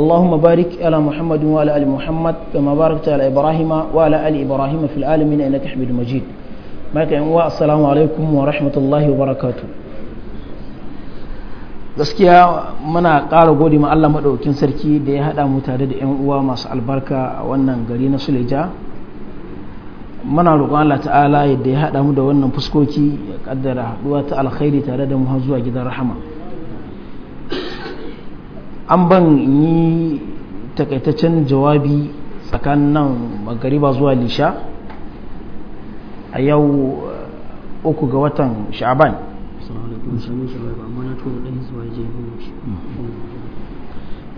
اللهم بارك على محمد وعلى ال محمد كما باركت على ابراهيم وعلى ال ابراهيم في العالمين انك حميد مجيد maka yan uwa assalamu alaikum wa rahmatullahi wa barakatu gaskiya muna ƙara gode ma Allah maɗaukin sarki da ya haɗa mu tare da yan uwa masu albarka a wannan gari na Suleja muna roƙon Allah ta'ala yadda ya haɗa mu da wannan fuskoki ya ƙaddara haɗuwa ta alkhairi tare da mu har zuwa gidan rahama an ban yi takaitaccen jawabi tsakanin nan magariba zuwa lisha a yau uh, uku ga watan sha'aban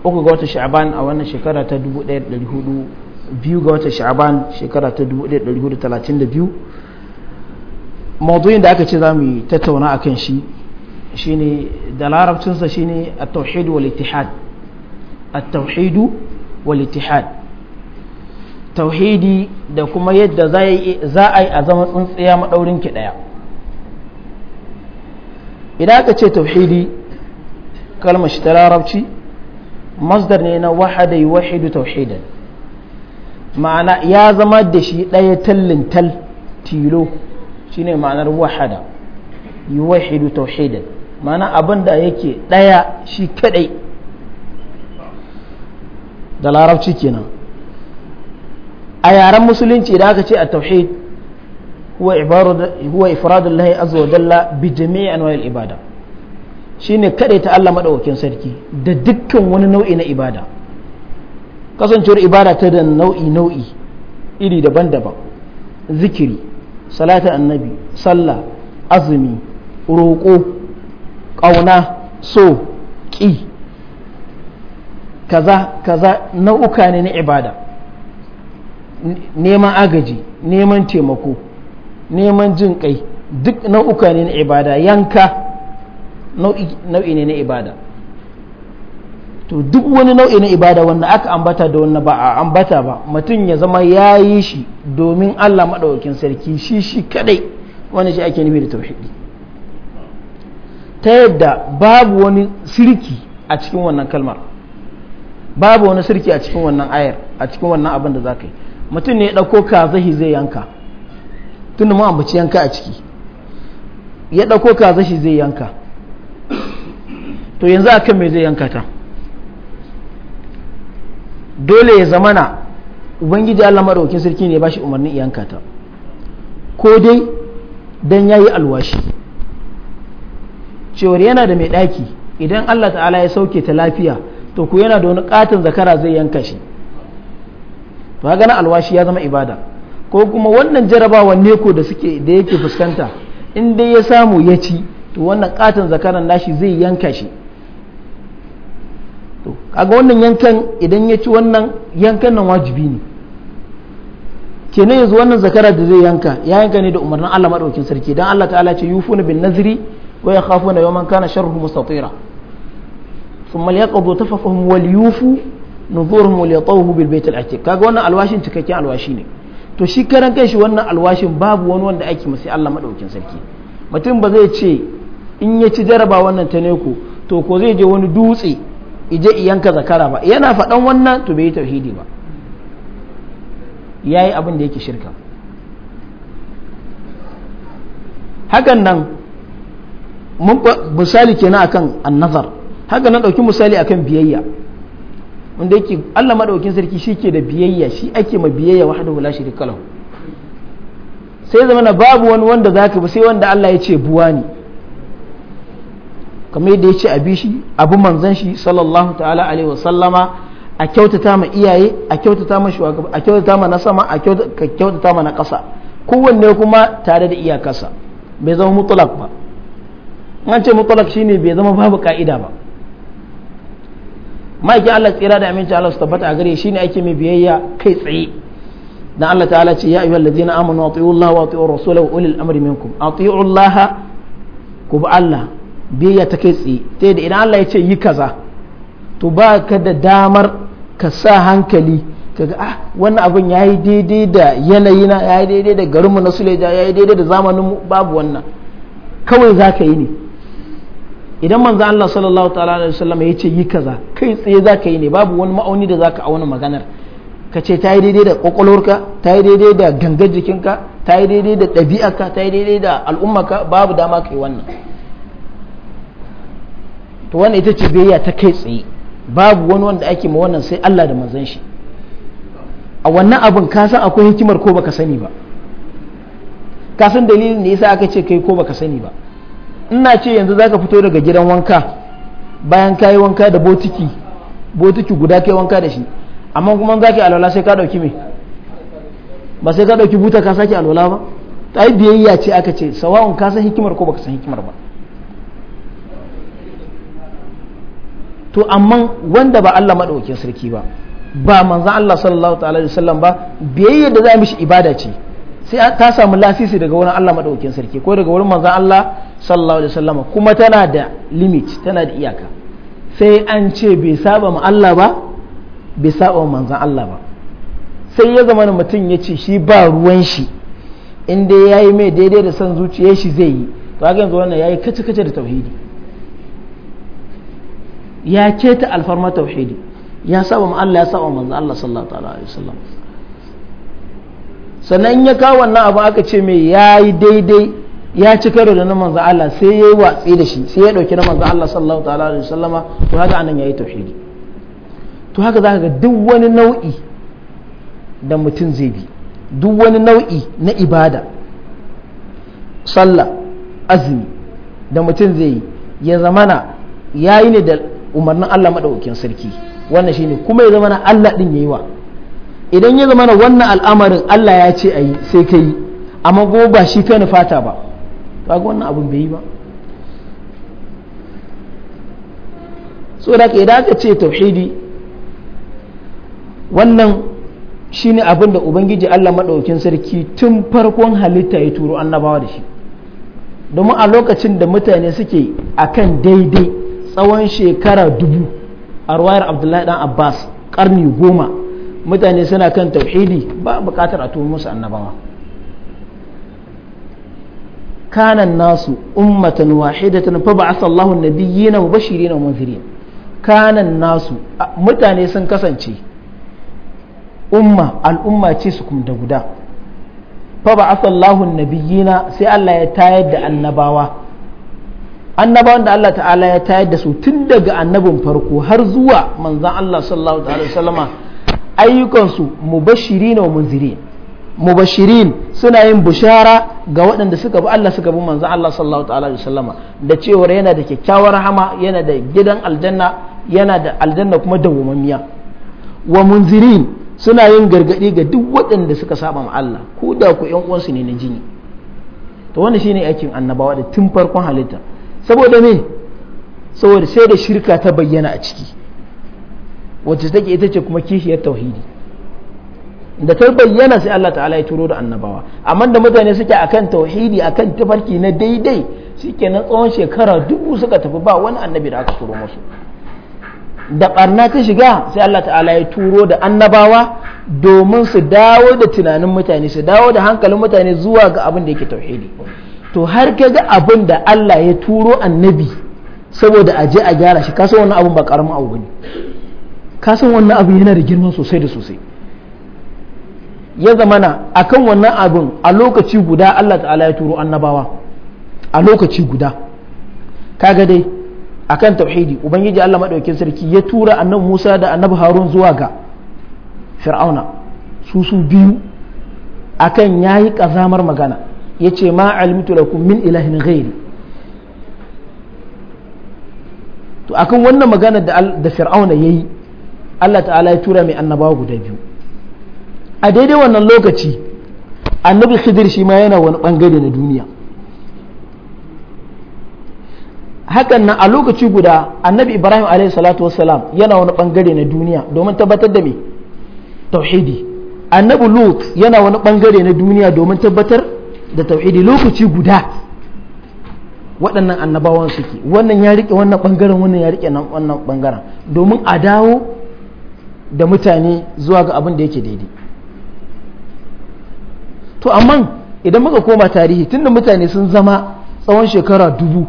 uku ga watan sha'aban a wannan shekara ta 1400 biyu ga watan sha'aban shekara ta 1432 maudu'in da aka ce za mu yi tattauna a kan shi shine da larabcinsa shine at-tauhid wal ittihad at-tauhid wal ittihad tauhidi da kuma yadda za a yi a zama tsintsiya madaurin ki daya idan aka ce tauhidi kalmar shi ta larabci masdar ne na wahada yuwahidu tauhidan ma'ana ya zama da shi ɗaya tallin tal tilo shine ma'anar wahada yuwahidu tauhidan mana abin da yake ɗaya shi kaɗai da larabci kenan a yaren musulunci da aka ce a tauhid huwa ifradun lahi azza wa jalla bi jami'i anwa'il ibada shine kaɗai ta Allah maɗaukakin sarki da dukkan wani nau'i na ibada kasancewar ibada ta da nau'i nau'i iri daban-daban zikiri salatu annabi sallah azumi roƙo ƙauna so ƙi kaza kaza nau'uka ne na ibada neman agaji neman taimako neman jin kai duk nau'uka ne na ibada yanka nau'i ne na ibada to duk wani nau'i na ibada wanda aka ambata da wani ba a ambata ba mutum ya zama ya yi shi domin allah maɗaukin sarki shi shi kadai wani shi ake nufi da tauhidi ta yadda babu wani sirki a cikin wannan kalmar babu wani sirki a cikin wannan ayar a cikin wannan abin da za ka yi mutum ne ya ɗauko kazahi zai yanka tunda mu ambaci yanka a ciki ya ɗauko kazashi zai yanka to yanzu a kan me zai yanka ta dole ya zamana ubangiji allah maɗaukin sarki ne ya shi umarnin yanka ta ko dai don ya yi alwashi cewar yana da mai ɗaki idan Allah ta'ala ya sauke ta lafiya to ku yana da wani katin zakara zai yanka shi to ga na alwashi ya zama ibada ko kuma wannan jarabawa ne ko da suke da yake fuskanta in dai ya samu ya ci to wannan katin zakaran nashi zai yanka shi to kaga wannan yankan idan ya ci wannan yankan nan wajibi ne kenan yanzu wannan zakara da zai yanka ya yanka ne da umarnin Allah madaukin sarki dan Allah ta'ala ce yufuna bin nazri ويخافون يوما ya شره مستطيرا ثم ليقضوا تففهم وليوفوا نذورهم وليطوه بالبيت العتيق kaga wannan alwashin cikakken alwashi ne to shi karan shi wannan alwashin babu wani wanda ake masa Allah madaukin sarki mutum ba zai ce in ya ci jaraba wannan ta ne ko to ko zai je wani dutse ije iyanka zakara ba yana faɗan wannan to bai yi tauhidi ba yayi abin da yake shirka hakan nan misali kenan akan annazar haka na ɗauki misali akan biyayya wanda yake Allah madaukin sarki shi ke da biyayya shi ake ma biyayya wahdahu la sharika lahu sai zama babu wani wanda zaka ba sai wanda Allah ya ce buwa ne kamar yadda ya ce abi shi abu manzan shi sallallahu ta'ala alaihi wa sallama a kyautata ma iyaye a kyautata ma shugaba a kyautata ma na sama a kyautata ma na ƙasa kowanne kuma tare da iyakarsa bai zama mutlak ba an ce mutlaq shine bai zama babu ka'ida ba ma'aikin Allah tsira da aminci Allah su tabbata a gare shine ake mai biyayya kai tsaye dan Allah ta'ala ce ya ayyuhal ladzina amanu atiiu Allah wa atiiu rasulahu ulil amri minkum atiiu Allah ku bi Allah biyayya ta kai tsaye ta yadda idan Allah ya ce yi kaza to ba ka da damar ka sa hankali kaga ah wannan abin yayi daidai da yanayi na yayi daidai da garinmu na Suleja yayi daidai da zamanin babu wannan kawai zaka yi ne idan manzo Allah sallallahu ta'ala alaihi wasallam ya ce yi kaza kai tsaye zaka yi ne babu wani ma'auni da zaka auna maganar ka ce ta daidai da kwakwalwarka ta yi daidai da gangar jikinka ta yi daidai da ɗabi'arka ta daidai da al'ummarka babu dama kai wannan to wannan ita ce biyayya ta kai tsaye babu wani wanda ake ma wannan sai Allah da manzon shi a wannan abin ka san akwai hikimar ko baka sani ba ka san dalilin da yasa aka ce kai ko baka sani ba ina ce yanzu zaka fito daga gidan wanka bayan kayi wanka da botiki botiki guda kai wanka da shi amma kuma za ka alwala sai ka dauki me ba sai ka dauki buta ka sake alwala ba ta yi biyayya ce aka ce sawa'un ka san hikimar ko baka san hikimar ba to amma wanda ba Allah madaukakin sarki ba ba manzan Allah sallallahu ta'ala da sallam ba biyayya da za mishi ibada ce sai ta samu lasisi daga wurin Allah madaukakin sarki ko daga wurin manzon Allah sallallahu alaihi wasallam kuma tana da limit tana da iyaka sai an ce bai saba ma Allah ba bai saba ma manzon Allah ba sai ya zama mutum ya ce shi ba ruwan shi in dai ya yi mai daidai da son zuciyar shi zai yi to haka yanzu wannan ya yi kace-kace da tauhidi ya ta alfarma tauhidi ya saba ma Allah ya saba manzo Allah sallallahu alaihi wasallam sannan ya kawo wannan abu aka ce mai ya yi daidai ya ci karo da na manzan Allah sai ya yi watsi da shi sai ya ɗauki na manzan Allah sallallahu ta'ala da sallama to haka anan ya yi tafiye to haka za ka ga duk wani nau'i da mutum zai bi duk wani nau'i na ibada sallah azumi da mutum zai yi ya zamana ya yi ne da umarnin Allah Maɗaukin sarki wannan shine kuma ya zama na Allah ɗin ya yi wa idan ya zama wannan al'amarin Allah ya ce a yi sai ka yi amma ba shi ka nufata ba kaga wannan abin bai yi ba so da idan aka ce tauhidi wannan shine abin da ubangiji Allah maɗaukin sarki tun farkon halitta ya turo annabawa da shi domin a lokacin da mutane suke akan daidai tsawon shekara dubu a ruwayar abdullahi dan abbas karni goma mutane suna kan tauhidi ba buƙatar a tuhu musu annabawa kanan nasu ummatan wahidatan fa ba'atha Allahu nabiyyina mubashirin wa munzirin kanan nasu mutane sun kasance umma al'umma ce su kuma da guda fa ba'atha Allahu nabiyyina sai Allah ya tayar da annabawa annabawan da Allah ta'ala ya tayar da su tun daga annabin farko har zuwa manzon Allah sallallahu alaihi wasallama ayyukansu mubashiri wa munziri, mubashirin suna yin bishara ga waɗanda suka bi Allah suka bi manzo Allah sallallahu ta'ala alaihi sallama da cewar yana da kyakkyawar hama yana da gidan aljanna yana da aljanna kuma dawwamammiya wa munzirin suna yin gargadi ga duk waɗanda suka saba ma Allah ko da ku ƴan uwansu ne na jini to wannan shine aikin annabawa da tun farkon halitta saboda me saboda sai da shirka ta bayyana a ciki wacce take ita ce kuma kishiyar tauhidi da ta bayyana sai Allah ta'ala ya turo da annabawa amma da mutane suke akan tauhidi akan tafarki na daidai na tsawon shekara dubu suka tafi ba wani annabi da aka turo musu da barna ta shiga sai Allah ta'ala ya turo da annabawa domin su dawo da tunanin mutane su dawo da hankalin mutane zuwa ga abin da yake tauhidi to har ka ga abin da Allah ya turo annabi saboda a je a gyara shi kasan wani abin ba karamin abu bane Ka san wannan abu yana da girma sosai da sosai ya zamana kan wannan abin a lokaci guda Allah ta'ala ya turo annabawa a lokaci guda kaga dai a kan tauhidi ubangiji Allah madaukakin sarki ya tura annabi Musa da annabi Harun zuwa ga Fir'auna su su biyu akan yayi ƙazamar magana ya ce ma almitu lakum min ilahin ghairi to akan wannan magana da da Fir'auna yayi Allah ta'ala ya tura mai annaba guda biyu a daidai wannan lokaci annabi khidir shi ma yana wani bangare na duniya hakan nan a lokaci guda annabi ibrahim alayhi salatu wassalam yana wani bangare na duniya domin tabbatar da me tauhidi annabi lut yana wani bangare na duniya domin tabbatar da tauhidi lokaci guda waɗannan annabawan suke wannan ya rike wannan bangaren wannan ya rike wannan bangaren domin a dawo da mutane zuwa ga abin da yake daidai to amma idan muka koma tarihi tunda mutane sun zama tsawon shekara dubu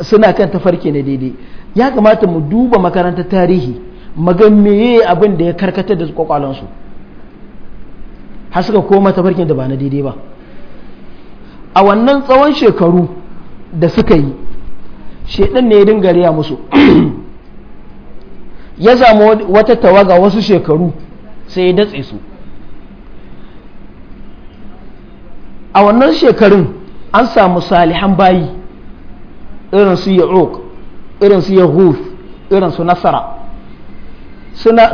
suna kan tafarki na daidai ya kamata mu duba makarantar tarihi magan meye abin da ya karkatar da kwakwalansu har suka koma tafarki da ba na daidai ba a wannan tsawon shekaru da suka yi shaidan ne ya dinga riya musu ya zama wata tawaga wasu shekaru sai ya datse su a wannan shekarun an samu salihan bayi irin su ya'uq irin su yahuth irin su nasara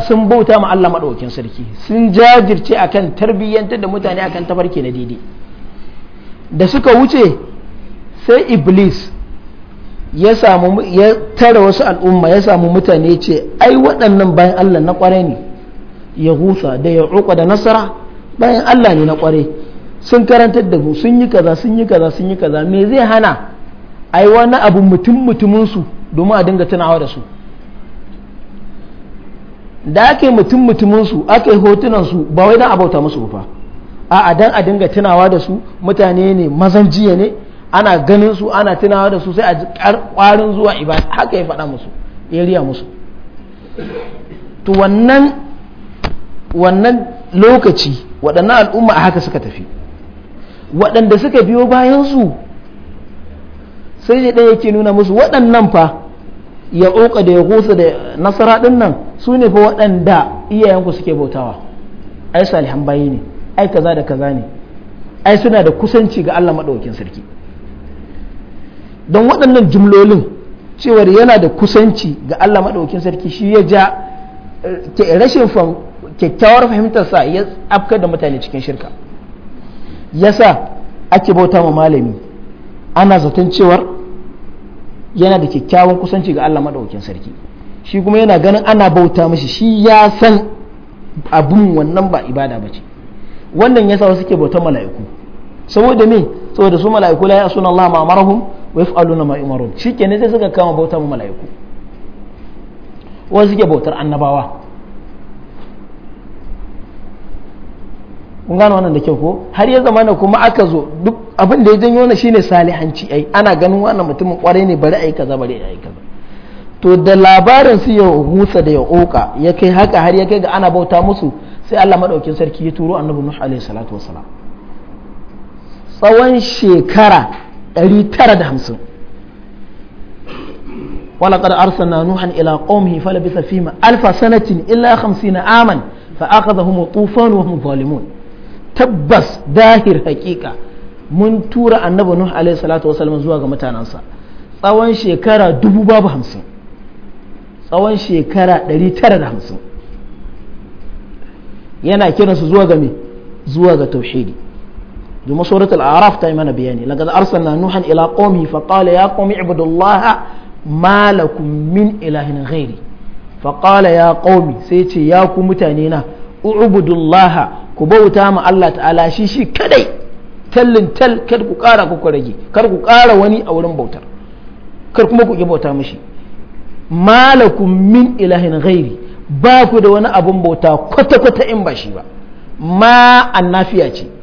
sun bauta ma Allah maɗaukin sarki sun jajirce akan tarbiyyantar da mutane akan tabarki na daidai da suka wuce sai iblis ya samu ya tara wasu al'umma ya samu mutane ce ai waɗannan bayan Allah na ƙware ne ya husa da ya uku da nasara bayan Allah ne na ƙware sun karantar da mu sun yi kaza sun yi kaza sun yi kaza me zai hana ai wani abu mutum mutumin su domin a dinga tunawa da su da ake mutum mutumin su ake hotunan su ba wai dan abauta musu ba a'a dan a dinga tunawa da su mutane ne mazan jiya ne ana ganin su ana tunawa da su sai a ji kwarin zuwa ibada haka ya faɗa musu ya riya musu to wannan wannan lokaci waɗannan al'umma a haka suka tafi waɗanda suka biyo bayan su sai dai ɗaya yake nuna musu waɗannan fa ya ƙoƙa da ya gusa da nasara ɗin nan su ne fa waɗanda iyayenku suke bautawa ai salihan bayi ne ai kaza da kaza ne ai suna da kusanci ga Allah maɗaukin sarki don waɗannan jumlolin cewar yana da kusanci ga Allah maɗaukin sarki shi ya ja ke rashin kyakkyawar fahimtarsa ya afkar da mutane cikin shirka yasa ake bauta ma malami ana zaton cewar yana da kyakkyawan kusanci ga Allah maɗaukin sarki shi kuma yana ganin ana bauta mashi shi ya san abin wannan ba ibada ba ce wannan yasa wasu ke bauta mala'iku saboda me saboda su mala'iku la ya suna Allah ma wa yaf'aluna ma ke ne sai suka kama bauta mu mala'iku wasu suke bautar annabawa kun gano wannan da kyau ko har ya zama na kuma aka zo duk abin da ya janyo wannan shine salihanci ai ana ganin wannan mutumin kwarai ne bari ai kaza bari ai kaza to da labarin su ya husa da ya oka ya kai haka har ya kai ga ana bauta musu sai Allah madaukin sarki ya turo annabi Nuh alaihi salatu tsawon shekara 950 ولقد أرسلنا نوحا إلى قومه فلبث فيما ألف سنة إلا خمسين عاما فأخذهم الطوفان وهم ظالمون تبس داهر حقيقة mun tura annabi Nuh alaihi salatu wasallam zuwa ga mutanansa tsawon shekara dubu babu hamsin tsawon shekara ɗari tara da hamsin yana kiransu zuwa ga me zuwa ga tauhidi domin suratul araf ta yi mana bayani laqad arsalna nuhan ila qaumi fa qala ya qaumi ibudullaha ma lakum min ilahin ghairi fa ya qaumi sai ce ya ku mutane na ubudullaha ku bauta ma Allah ta'ala shi shi kadai tallin tal kar ku kara ku rage kar wani a wurin bautar kar ku ki bauta mashi. malakum min ilahin ghairi ba ku da wani abun bauta kwata-kwata in ba shi ba ma annafiya ce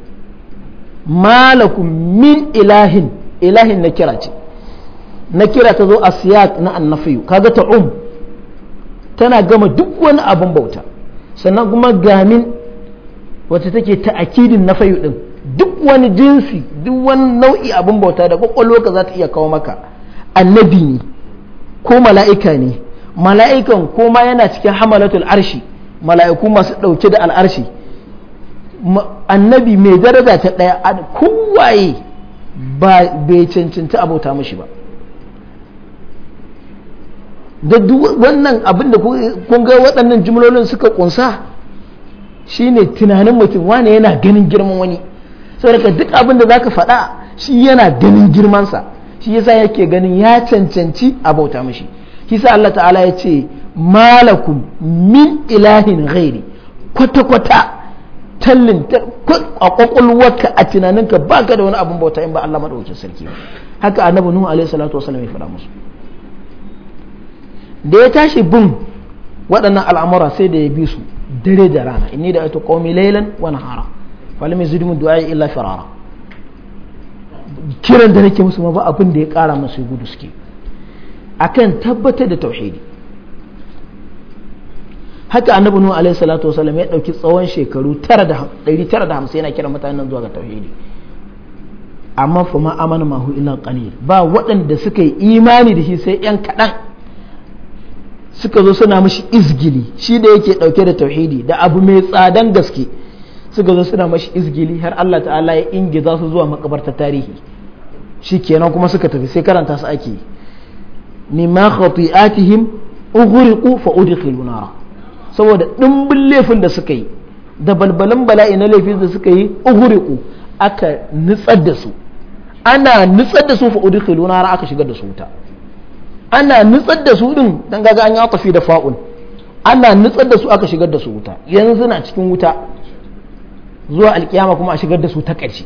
malakum min ilahin ilahin na kira ce na kira ta zo a siyak na annafiyu kaga ta um tana gama duk wani abin bauta sannan kuma gamin wacce take ta akidin fayu din duk wani jinsi duk wani nau'i abin bauta da kwakwalwa ka za ta iya kawo maka annabi ne ko mala'ika ne mala'ikan ko ma yana cikin hamalatul arshi mala'iku masu ɗauke da al'arshi annabi mai daraja ta ɗaya a kowaye bai cancanta abota mashi ba da wannan abin da kun ga waɗannan jimlolin suka kunsa ne tunanin mutum wane yana ganin girman wani saboda duk abinda da ka faɗa shi yana ganin girmansa shi yasa yake ganin ya cancanci abauta mashi shi sa Allah ta'ala ya ce malakum min ilahin ghairi kwata-kwata tallin a kwakwalwarka a tunaninka ba ka da wani abin bauta in ba Allah maɗaukakin sarki haka annabi nuhu alaihi salatu wasallam ya faɗa musu da ya tashi bin waɗannan al'amura sai da ya bi su dare da rana inni da ayatu qaumi laylan wa nahara falam yazidhum du'a illa firara kiran da nake musu ma ba abin da ya ƙara musu gudu suke akan tabbatar da tauhidi haka annabi nuhu alaihi salatu wasallam ya dauki tsawon shekaru 950 yana kiran mutanen zuwa ga tauhidi amma fa ma amana hu illa qalil ba waɗanda suka yi imani da shi sai yan kaɗan suka zo suna mashi izgili shi da yake ɗauke da tauhidi da abu mai tsadan gaske suka zo suna mashi izgili har Allah ta'ala ya za su zuwa makabarta tarihi shi kenan kuma suka tafi sai karanta su ake ni ma khati'atihim ughriqu fa udkhilu nara saboda ɗimbin laifin da suka yi da balbalan bala'i na laifin da suka yi uhuriku aka nutsar da su ana nutsar da su fa udkhulu nar aka shigar da su wuta ana nutsar da su din dan gaga an yi akwafi da fa'un ana nutsar da su aka shigar da su wuta yanzu na cikin wuta zuwa alkiyama kuma a shigar da su ta ƙarshe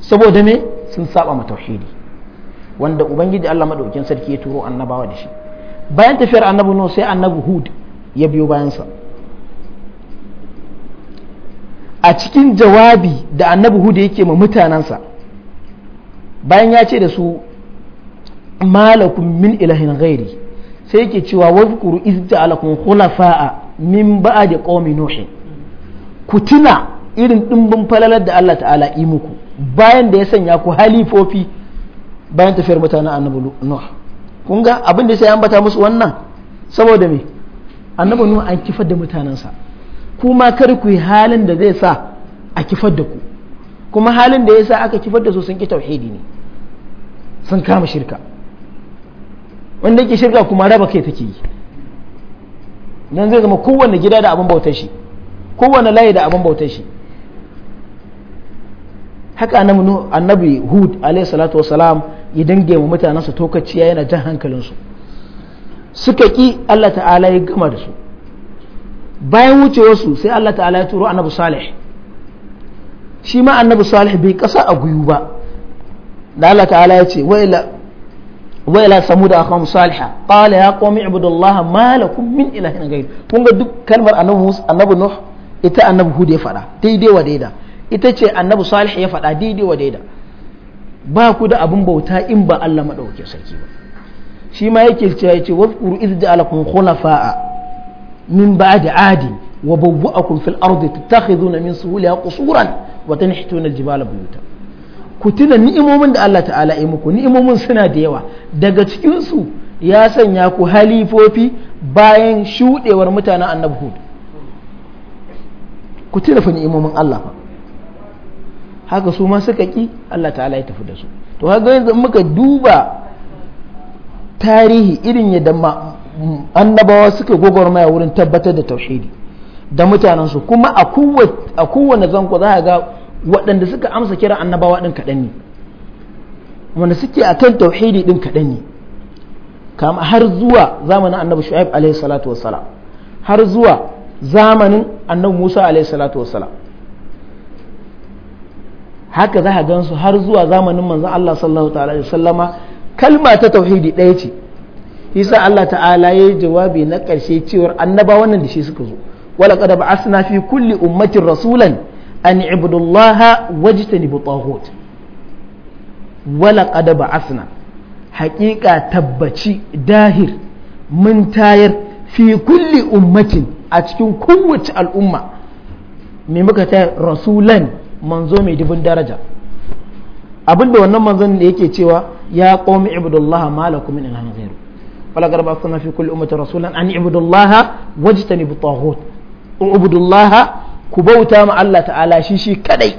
saboda me sun saba ma tauhidi wanda ubangiji Allah madaukakin sarki ya turo annabawa da shi bayan tafiyar annabi no sai annabi hud ya biyo bayansa a cikin jawabi da annabi hudu yake ma mutanensa bayan ya ce da su malakum min ilahin ghairi sai yake cewa wazkuru iz ja'alakum khulafa'a min ba'di qaumi nuh ku tuna irin dimbin falalar da Allah ta'ala yi muku bayan da ya sanya ku halifofi bayan tafiyar mutanen annabi nuh kun ga abin da sai bata musu wannan saboda me annabi nuhu an kifar da mutanensa kuma kar ku yi halin da zai sa a kifar da ku kuma halin da ya sa aka kifar da su sun ki tauhidi ne sun kama shirka wanda yake shirka kuma raba kai take yi nan zai zama kowanne gida da abin bautar shi kowanne layi da abin bautar shi haka annabi hud alaihi salatu wasalam ya dange wa mutanensa yana jan hankalinsu su suka ki Allah ta'ala ya gama da su bayan wucewarsu sai Allah ta'ala ya turo annabi salih shi ma annabi salih bai kasa a guyu ba da Allah ta'ala ya ce wa'ila samu da akwam saliha qala ya qawmi ibudullaha ma lakum min ilahin ghayr kun ga duk kalmar annabi nuh ita annabi hud ya fada daidai wa daida ita ce annabi salih ya fada daidai wa daida ba ku da abin bauta in ba Allah madaukakin sarki ba shi ma yake cewa yace wadhkuru idh ja'alakum khulafa'a min ba da adi wa bawwa'akum fil ardi na min kusuran wata ni hito na jibala buyuta ku tuna ni'imomin da Allah ta'ala ya muku ni'imomin suna da yawa daga cikinsu ya sanya ku halifofi bayan shuɗewar mutanen annabi hud ku tuna fa ni'imomin Allah fa haka su ma suka ki Allah ta'ala ya tafi da su to haka yanzu muka duba tarihi irin yadda mm, annabawa suka gwagwarmaya wurin tabbatar da tauhidi da mutanensu kuma a kowane zanko za a ga waɗanda suka amsa kira annabawa ɗin kaɗan ne wanda suke a kan tauhidi ɗin kaɗan ne kama har zuwa zamanin annabi shu'aib alaihi salatu wassalam har zuwa zamanin annabi musa alaihi salatu wassalam haka za a gansu har zuwa zamanin manzon allah sallallahu ta'ala alaihi sallama kalma ta tauhidi ɗaya ce isa Allah ta'ala ya yi jawabi na ƙarshe cewar annaba wannan da shi suka zo wala qad ba'athna fi kulli ummatin rasulan an ibudullaha wajtanibu taghut wala qad ba'athna haƙiƙa tabbaci dahir mun tayar fi kulli ummatin a cikin kowace al'umma me muka ta rasulan manzo mai dubin daraja abinda wannan manzon da yake cewa ya qaumi ibudullaha ma lakum min ilahin ghairu wala qad fi kulli ummatin rasulan an ibudullaha wajtanibu taghut ibudullaha ku bauta ma Allah ta'ala shi shi kadai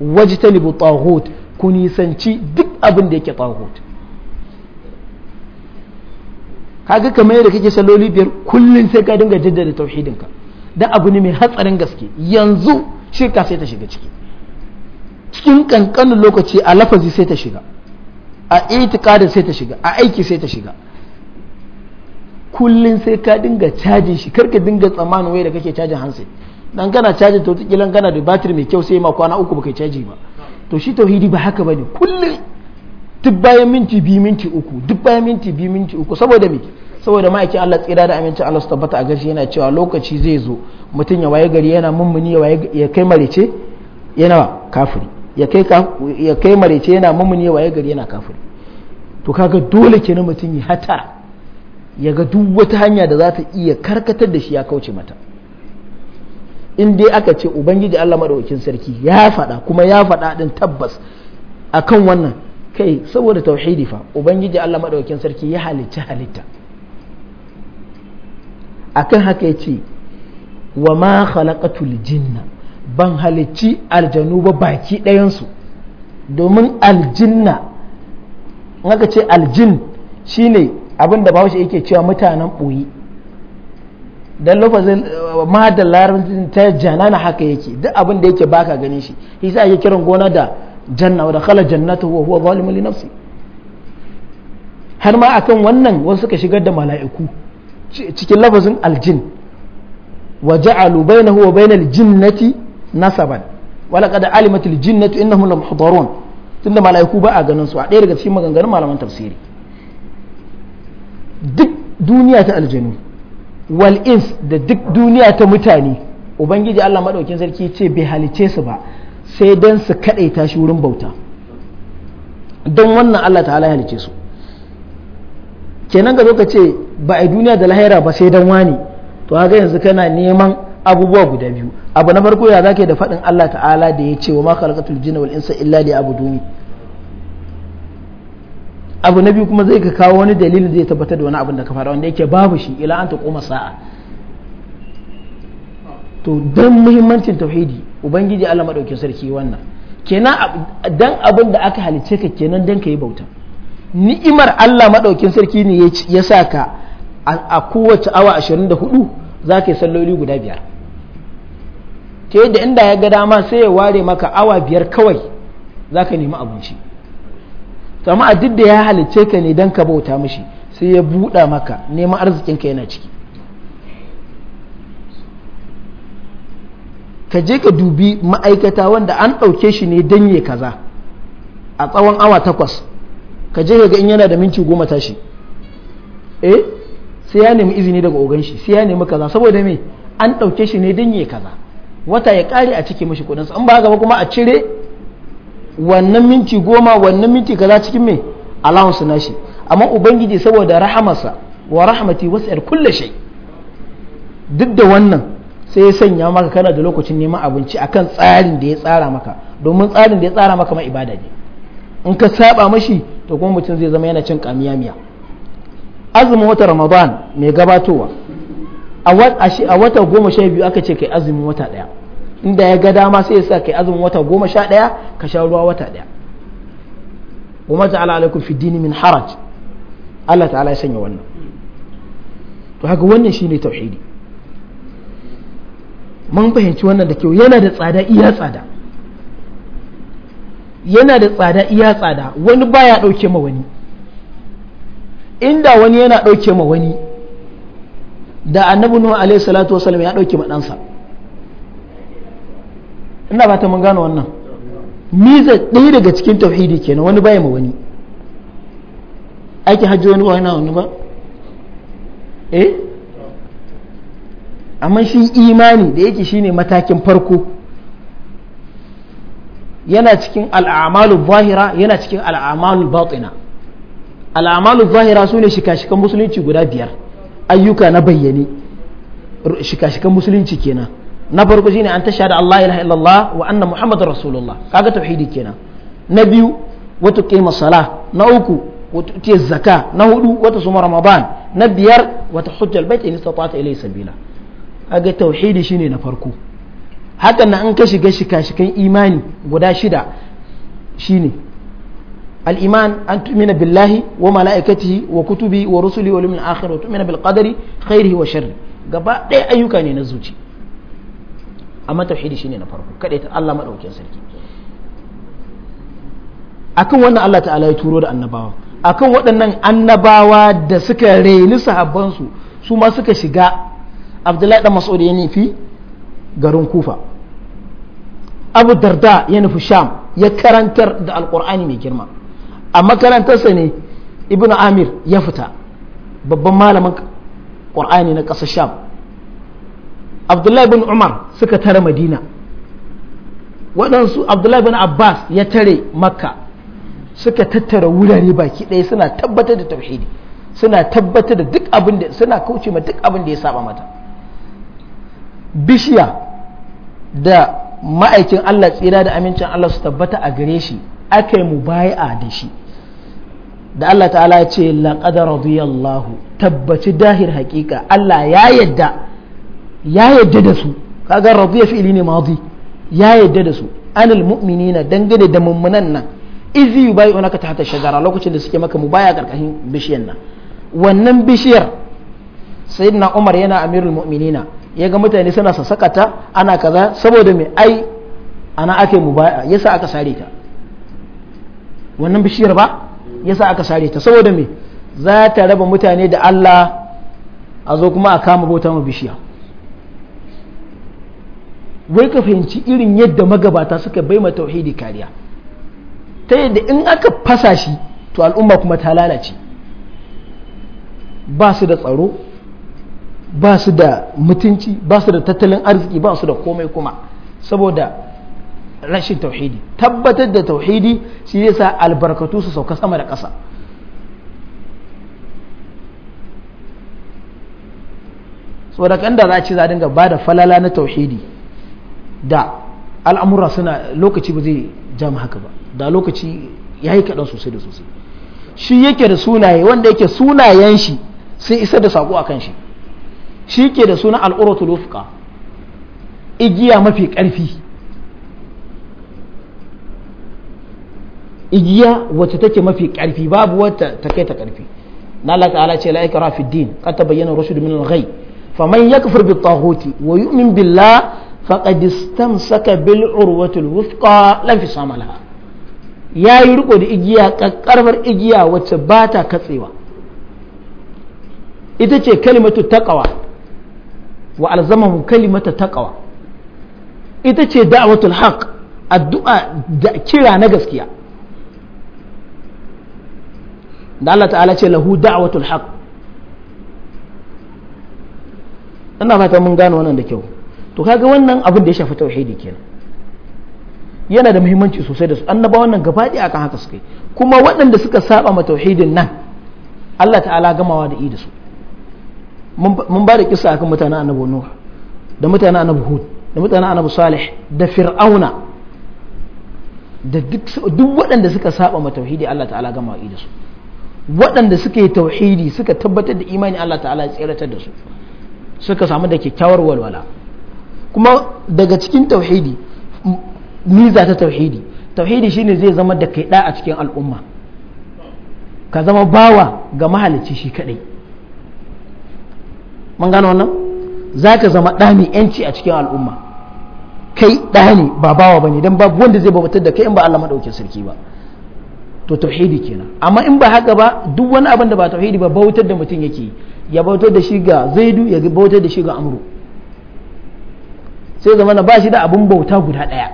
wajtanibu taghut ku nisanci duk abin da yake taghut kaga kamar yadda kake saloli biyar kullum sai ka dinga jaddada tauhidinka dan abu ne mai hatsarin gaske yanzu shirka sai ta shiga ciki cikin kankanin lokaci a lafazi sai ta shiga a itikadin sai ta shiga a aiki sai ta shiga kullum sai ka dinga cajin shi karka dinga tsammanin wai da kake cajin hansi dan kana cajin ta watakilan kana da batir mai kyau sai ma kwana uku baka caji ba to shi tauhidi ba haka bane kullum duk bayan minti biyu minti uku duk bayan minti biyu minti uku saboda me saboda ma'aikin Allah tsira da amincin Allah su tabbata a gashi yana cewa lokaci zai zo mutum ya waye gari yana mummuni ya kai marice yana kafiri ya kai ya marece yana ya ya gari yana kafiri to kaga dole kenan mutum ya hata ya ga duk wata hanya da za ta iya karkatar da shi ya kauce mata in dai aka ce ubangiji Allah maɗaukin sarki ya faɗa kuma ya faɗa ɗin tabbas akan wannan kai saboda tauhidi fa ubangiji Allah maɗaukin sarki ya halitta halitta akan haka ya ce wa ma khalaqatul jinna ban halicci aljanu ba baki ɗayansu domin aljinna aka ce aljin shine abin da bahaushe yake cewa mutanen ɓoyi don lokacin ma da larabcin ta janana haka yake duk abin da yake baka gani shi yasa ake kiran gona da janna wadda kala janna ta huwa zalimun har ma akan wannan wasu suka shigar da mala'iku cikin lafazin aljin wa ja'alu bainahu wa bainal jinnati nasaban wala kada alimatul jinnatu innahum la muhdarun tunda malaiku ba a ganin su a ɗaya daga cikin maganganun malaman tafsiri duk duniya ta aljanu wal ins da duk duniya ta mutane ubangiji Allah madaukin sarki ce bai halice su ba sai dan su kadaita shi wurin bauta don wannan Allah ta'ala ya halice su kenan ga zo ka ce ba a duniya da lahira ba sai dan wani to haka yanzu kana neman abubuwa guda biyu abu na farko ya zaka da faɗin Allah ta'ala da ya ce wa ma khalaqatul jinna wal insa illa abuduni abu na biyu kuma zai ka kawo wani dalilin zai tabbatar da wani abin da ka fara wanda yake babu shi ila an ta koma sa'a to dan muhimmancin tauhidi ubangiji Allah madaukin sarki wannan kenan dan abin da aka halice ka kenan dan kai bauta ni'imar Allah madaukin sarki ne ya sa ka a kowace awa 24 za ka yi salloli guda biyar ta yadda inda ya ga dama sai ya ware maka awa biyar kawai za ka nemi abinci amma a duk da ya halicce ka ne don ka bauta mishi sai ya buɗa maka neman arzikinka yana ciki ka je ka dubi ma'aikata wanda an ɗauke shi ne don ya kaza a tsawon awa takwas ka je ga in yana da minti goma tashi eh sai ya nemi izini daga ogan shi sai ya nemi kaza saboda me an ɗauke shi ne don ya kaza wata ya kare a ciki mashi kudinsa in ba gaba kuma a cire wannan minti goma wannan minti kaza cikin mai alawansu na shi amma ubangiji saboda rahamarsa wa rahmati yar kulli shay duk da wannan sai ya sanya maka kana da lokacin neman abinci akan tsarin da ya tsara maka domin tsarin da ya tsara maka ma ibada ne in ka saba mashi to kuma mutum zai zama yana cin kamiya miya azumin wata ramadan mai gabatowa a wata goma sha biyu aka ce kai azumin wata ɗaya inda ya ga dama sai ya sa kai azumin wata goma sha ɗaya ka sha ruwa wata ɗaya wa mata ala alaikum fi dini min haraj Allah ta'ala ya sanya wannan to haka wannan shine tauhidi mun fahimci wannan da kyau yana da tsada iya tsada yana da tsada iya tsada wani baya ɗauke ma wani inda wani yana ɗauke ma wani da annabi nuwa alaihi salatu wasallam ya dauke madansa ina ba ta mun gano wannan miza ɗaya daga cikin tauhidi kenan wani baya ma wani aiki hajji wani ba wani wani ba eh amma shi imani da yake shine matakin farko yana cikin al'amalu zahira yana cikin al'amalu batina al'amalu zahira su ne shika-shikan musulunci guda biyar ayyuka na bayyane shika-shikan musulunci kenan na farko shine an da Allah ilaha illallah wa anna muhammadar rasulullah kaga tauhidi kenan na biyu wata qima na uku wata zaka na hudu wata suma ramadan na biyar wata hujjal bait in istata ilay sabila kaga tauhidi shine na farko hakan na an ka shiga shika-shikan imani guda shida shine الإيمان أن تؤمن بالله وملائكته وكتبه ورسله واليوم الآخر وتؤمن بالقدر خيره وشره gaba ɗaya ayyuka ne na zuci amma tauhidi shine na farko kaɗai ta Allah maɗaukin sarki akan wannan Allah ta'ala ya turo da annabawa akan waɗannan annabawa da suka reni sahabbansu su ma suka shiga Abdullahi dan Mas'ud ya garin Kufa Abu Darda ya nufi Sham ya karantar da Alƙur'ani mai girma a makarantarsa ne ibn amir ya fita babban malamin ƙur'ani na ƙasar sham abdullahi bin umar suka tare madina waɗansu abdullahi bin abbas ya tare makka suka tattara wurare baki ɗaya suna tabbatar da tauhidi suna tabbatar da duk abin da suna kauce ma duk abin da ya saba mata bishiya da ma'aikin allah tsira da amincin allah su tabbata a gare shi aka yi mubaya'a da shi da Allah ta'ala ya ce laqad radiyallahu tabbaci dahir hakika Allah ya yadda ya yadda da su kaga radiya fili ne madi ya yadda da su anil mu'minina dangane da mummunan nan izi ta hata shajara lokacin da suke maka mubaya karkashin bishiyar nan wannan bishiyar sayyidina Umar yana amirul mu'minina ya ga mutane suna sassakata ana kaza saboda mai ai ana ake mubaya yasa aka sare ta wannan bishiyar ba yasa aka sare ta saboda me za ta raba mutane da Allah a zo kuma a kama bauta ma bishiya wai ka fahimci irin yadda magabata suka bai ma tauhidi kariya ta yadda in aka fasa shi to al'umma kuma ta lalace ba su da tsaro ba su da mutunci ba su da tattalin arziki ba su da komai kuma saboda rashin tauhidi tabbatar da tauhidi shi sa albarkatu su sauka sama da ƙasa da kan da za a ci za gaba ba da falala na tauhidi da al'amura suna lokaci ba zai jama haka ba da lokaci ya yi kaɗan sosai da sosai shi yake da sunaye wanda yake sunayen shi sai isa da saƙo a kan shi shi ke da suna al'uratul wufqa igiya mafi ƙarfi igiya wacce take mafi karfi babu wata ta kai ta karfi na Allah ta'ala ce la ikra fi din qad bayyana rashid min al-ghay man yakfur bi taghuti wa yu'min billah faqad istamsaka bil urwatil wuthqa la fisama laha yayi riko da igiya kakkarbar igiya wacce ba ta katsewa ita ce kalimatu taqwa wa alzamahu kalimatu taqwa ita ce da'watul haqq addu'a da kira na gaskiya da Allah ta'ala ce lahu da'watul haq ina fata mun gano wannan da kyau to kaga wannan abin da ya shafi tauhidi kenan yana da muhimmanci sosai da su annabawan nan gaba ɗaya akan haka suke kuma waɗanda suka saba ma tauhidin nan Allah ta'ala gamawa da da su mun ba da kisa akan mutanen annabi Nuh da mutanen annabi Hud da mutanen annabi Salih da Fir'auna da duk waɗanda suka saba ma tauhidi Allah ta'ala gamawa da su waɗanda suka yi tauhidi suka tabbatar da imani Allah ta'ala ya tseratar da su suka samu da kyakkyawar walwala kuma daga cikin tauhidi niza ta tauhidi tauhidi shine zai zama da kai a cikin al'umma ka zama bawa ga mahalicci shi kadai mun gano wannan za ka zama ɗa ne yanci a cikin al'umma kai ɗa ne ba bawa ba ne don babu wanda zai babatar da kai in ba Allah maɗaukin sarki ba to tauhidi kenan amma in ba haka ba duk wani abin da ba tauhidi ba bautar da mutum yake ya bautar da shi ga zaidu ya bautar da shi ga amru sai zamana ba shi da abin bauta guda ɗaya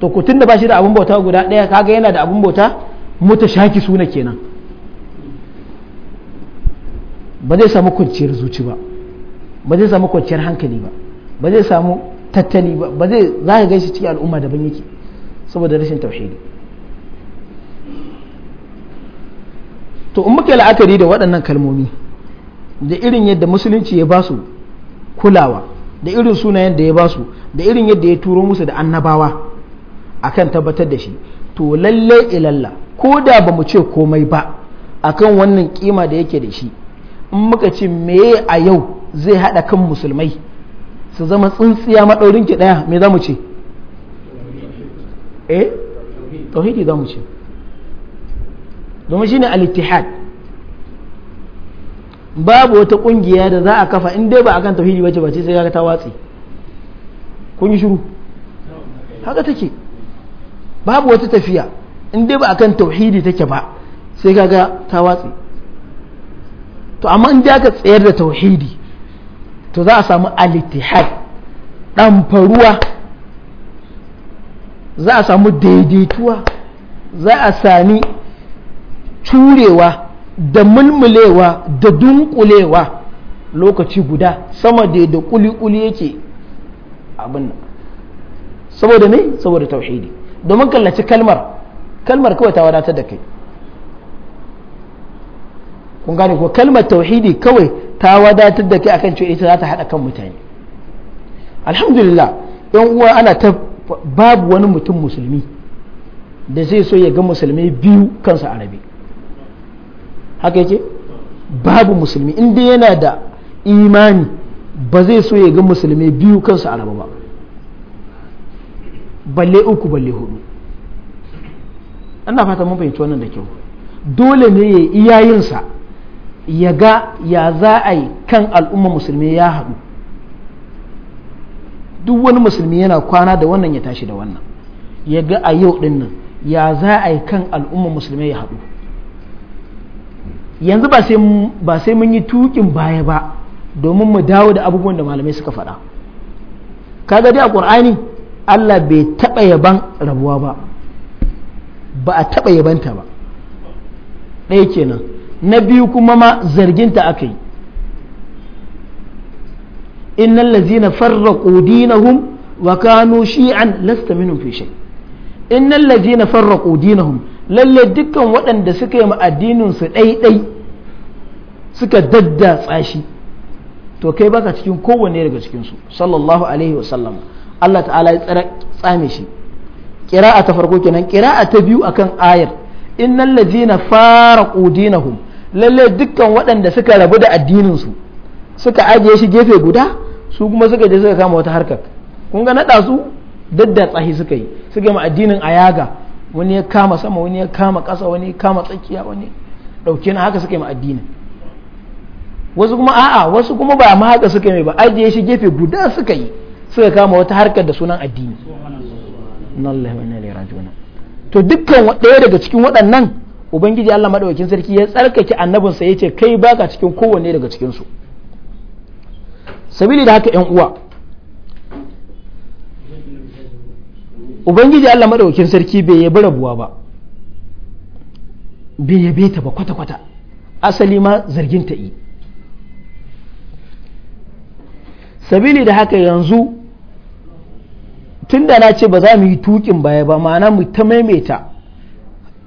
to ku tunda ba shi da abin bauta guda ɗaya kaga yana da abin bauta muta shaki suna kenan ba zai samu kwanciyar zuci ba ba zai samu kwanciyar hankali ba ba zai samu tattali ba ba zai za ka gaishe cikin al'umma daban yake saboda rashin tauhidi to in muke la'akari da waɗannan kalmomi da irin yadda musulunci ya ba su kulawa da irin sunayen da ya ba su da irin yadda ya turo musu da annabawa akan tabbatar da shi to lalle ilalla ko da ba mu ce komai ba akan wannan kima da yake da shi in muka ce me a yau zai haɗa kan musulmai su zama tsintsiya maɗaurinki ɗaya me za mu ce eh tauhidi za mu ce domin shine al-ittihad babu wata kungiya da za a kafa in dai ba akan tauhidi bace bace sai kaga ta watsi kun yi shiru haka take babu wata tafiya in dai ba akan tauhidi take ba sai kaga ta watsi to amma in dai aka tsayar da tauhidi to za a samu al-ittihad dan faruwa za a samu daidaituwa za a sami curewa da mulmulewa da dunkulewa lokaci guda sama da da kuli-kuli yake abin nan saboda ne saboda tauhidi domin kallaci kalmar kalmar kawai ta wadatar da kai kun gane ko kalmar tauhidi kawai ta wadatar da kai akan cewa ita za ta haɗa kan mutane alhamdulillah yan uwa ana ta babu wani mutum musulmi da zai so ya ga musulmai biyu kansa arabi haka yake babu musulmi inda yana da imani ba zai so ya ga musulmi biyu kansu a ba balle uku balle hudu ana fata mun fahimci wannan da kyau dole ne ya iyayensa ya ga ya za a yi kan al'umma musulmi ya haɗu duk wani musulmi yana kwana da wannan ya tashi da wannan ya ga a yau ɗin nan ya za a yi kan al'umma musulmi ya haɗu yanzu ba sai mun yi tukin baya ba domin mu dawo da abubuwan da malamai suka faɗa kaga dai a ƙur'ani Allah bai taɓa yaban rabuwa ba ba a taɓa yabanta ba ɗaya kenan na biyu kuma ma zarginta aka yi innal lazina farraqu dinahum wa kanu shi'an lasta minhum fi shay innal lazina farraqu dinahum lalle dukkan waɗanda suka yi addinin su ɗaiɗai suka dadda tsashi to kai baka cikin kowanne daga cikinsu sallallahu alaihi wasallam Allah ta'ala ya tsame shi kira'a ta farko kenan kira'a ta biyu akan ayar innal ladzina faraqu dinahum lalle dukkan waɗanda suka rabu da addinin su suka ajiye shi gefe guda su kuma suka je suka kama wata harkar kun ga nada su dadda tsashi suka yi suka yi ma addinin ayaga wani ya kama sama wani ya kama ƙasa wani ya kama tsakiya wani ɗauke na haka suka yi addini wasu kuma a'a wasu kuma ba ma haka suka yi ba ajiye shi gefe guda suka yi suka kama wata harkar da sunan addini to dukkan daya daga cikin waɗannan ubangiji Allah madaukakin sarki ya tsarkake annabinsa ya ce kai baka cikin kowanne daga cikinsu sabili da haka 'yan uwa ubangiji Allah madaukakin sarki bai yabi rabuwa ba bai yabe ta ba kwata-kwata asali ma zargin ta yi sabili da haka yanzu tunda na ce ba za mu yi tukin baya ba ma'ana mu ta maimaita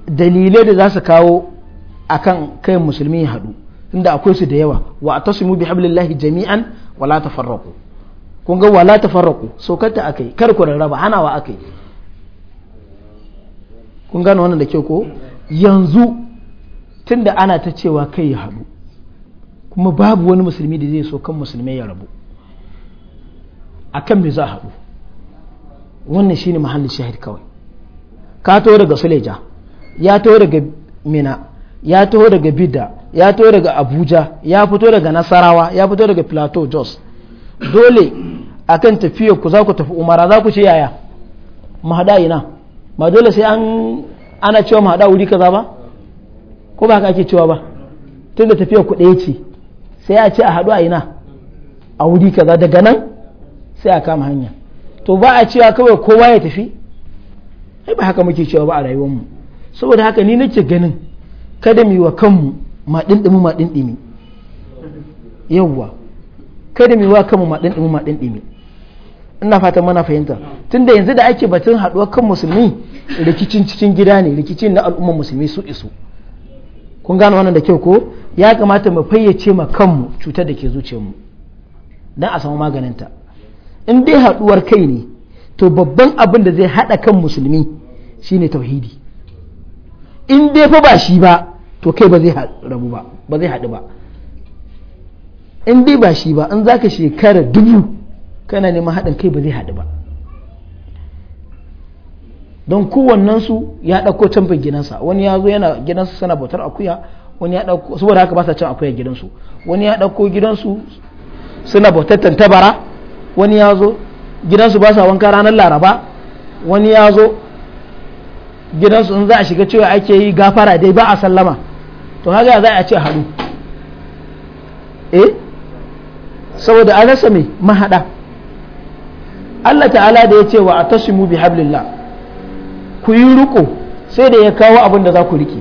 dalilai da za su kawo akan kai musulmi ya haɗu tunda akwai su da yawa wa atasimu bi hablillahi jami'an wala ta farraku kun ga wala ta saukar ta aka akai kar ku rarraba hanawa akai kun gano wannan da kyau ko yanzu tunda ana ta cewa kai ya haɗu kuma babu wani musulmi da zai so kan musulmi ya rabu a kan me za a haɗu wannan shi ne mahallin shahid kawai ka taho daga suleja ya taho daga mina ya taho daga bida ya taho daga abuja ya fito daga nasarawa ya fito daga plateau jos dole akan tafiyar ku za ku tafi umara za ku ce yaya a ina ba dole sai an ana cewa mu haɗa wuri kaza ba ko ba haka ake cewa ba tun da tafiya ku ɗaya ce sai a ce a haɗu a ina a wuri kaza daga nan sai a kama hanya to ba a cewa kawai kowa ya tafi ai ba haka muke cewa ba a rayuwar mu saboda haka ni nake ganin kada mu yi wa kanmu ma dindimi ma dindimi yawwa kada mu yi wa kanmu ma dindimi ma dindimi ina fatan mana fahimta tunda yanzu da ake batun haɗuwar kan musulmi rikicin cikin gida ne rikicin na al'ummar musulmi su isu kun gano wannan da kyau ko ya kamata mu fayyace ma kanmu cutar da ke zuciyarmu don a samu ta in dai haɗuwar kai ne to babban abin da zai haɗa kan musulmi shine tauhidi in dai fa ba shi ba to kai ba zai rabu ba ba zai haɗu ba in dai ba shi ba in zaka shekara dubu kana neman haɗin kai ba zai haɗu ba don su ya dauko canfin gidansa wani ya zo yana gidansu sana bautar akuya wani ya dauko saboda haka ba sa can akuya gidansu wani ya dauko gidansu suna bautar tantabara wani ya zo gidansu ba sa wanka ranar laraba wani ya zo gidansu in za a shiga cewa ake yi gafara dai ba a sallama to haka za a ce haɗu eh saboda alasa rasa mai mahaɗa Allah ta'ala da ya ce wa a tashimu bi hablillah ku yi riko sai da ya kawo abin da za ku rike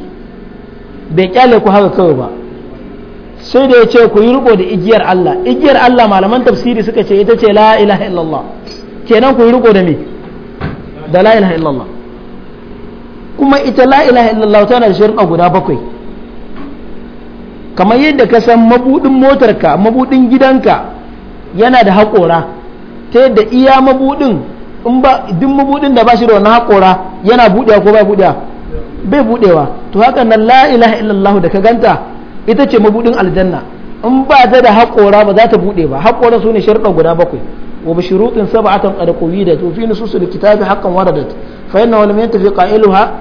bai kyale ku haka kawai ba sai da ya ce ku yi riko da igiyar Allah igiyar Allah malaman tafsiri suka ce ita ce la ilaha illallah kenan ku yi riko da me da la ilaha illallah kuma ita la ilaha illallah tana da shirka guda bakwai kamar yadda ka san mabudin motarka mabudin gidanka yana da haƙora ta yadda iya mabudin in ba duk mabudin da ba shi da wani haƙora yana buɗewa ko ba buɗewa bai buɗewa to haka nan la ilaha illallah da ka ganta ita ce mabudin aljanna in ba ta da haƙora ba za ta buɗe ba haƙora su ne sharɗa guda bakwai wa bi shurutin sab'atan qad quwidat wa fi nususil kitabi haqqan waradat fa inna wa lam fi qa'iluha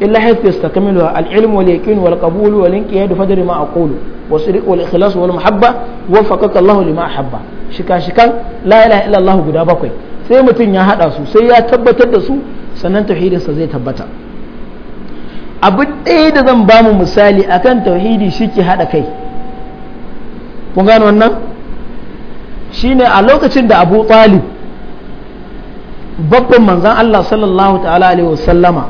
illa hayth yastakmiluha al-ilm wal yaqin wal qabul wal inqiyad fadri ma aqulu wa wal ikhlas wal muhabba wa faqaka Allah lima ahabba shika shikan la ilaha illa guda bakwai sai mutum ya haɗa su sai ya tabbatar da su sannan tauhidinsa zai tabbata abu ɗaya da zan ba mu misali akan tauhidi shi ke haɗa kai kun gano wannan shine a lokacin da abu talib babban manzan Allah sallallahu ta'ala alaihi wasallama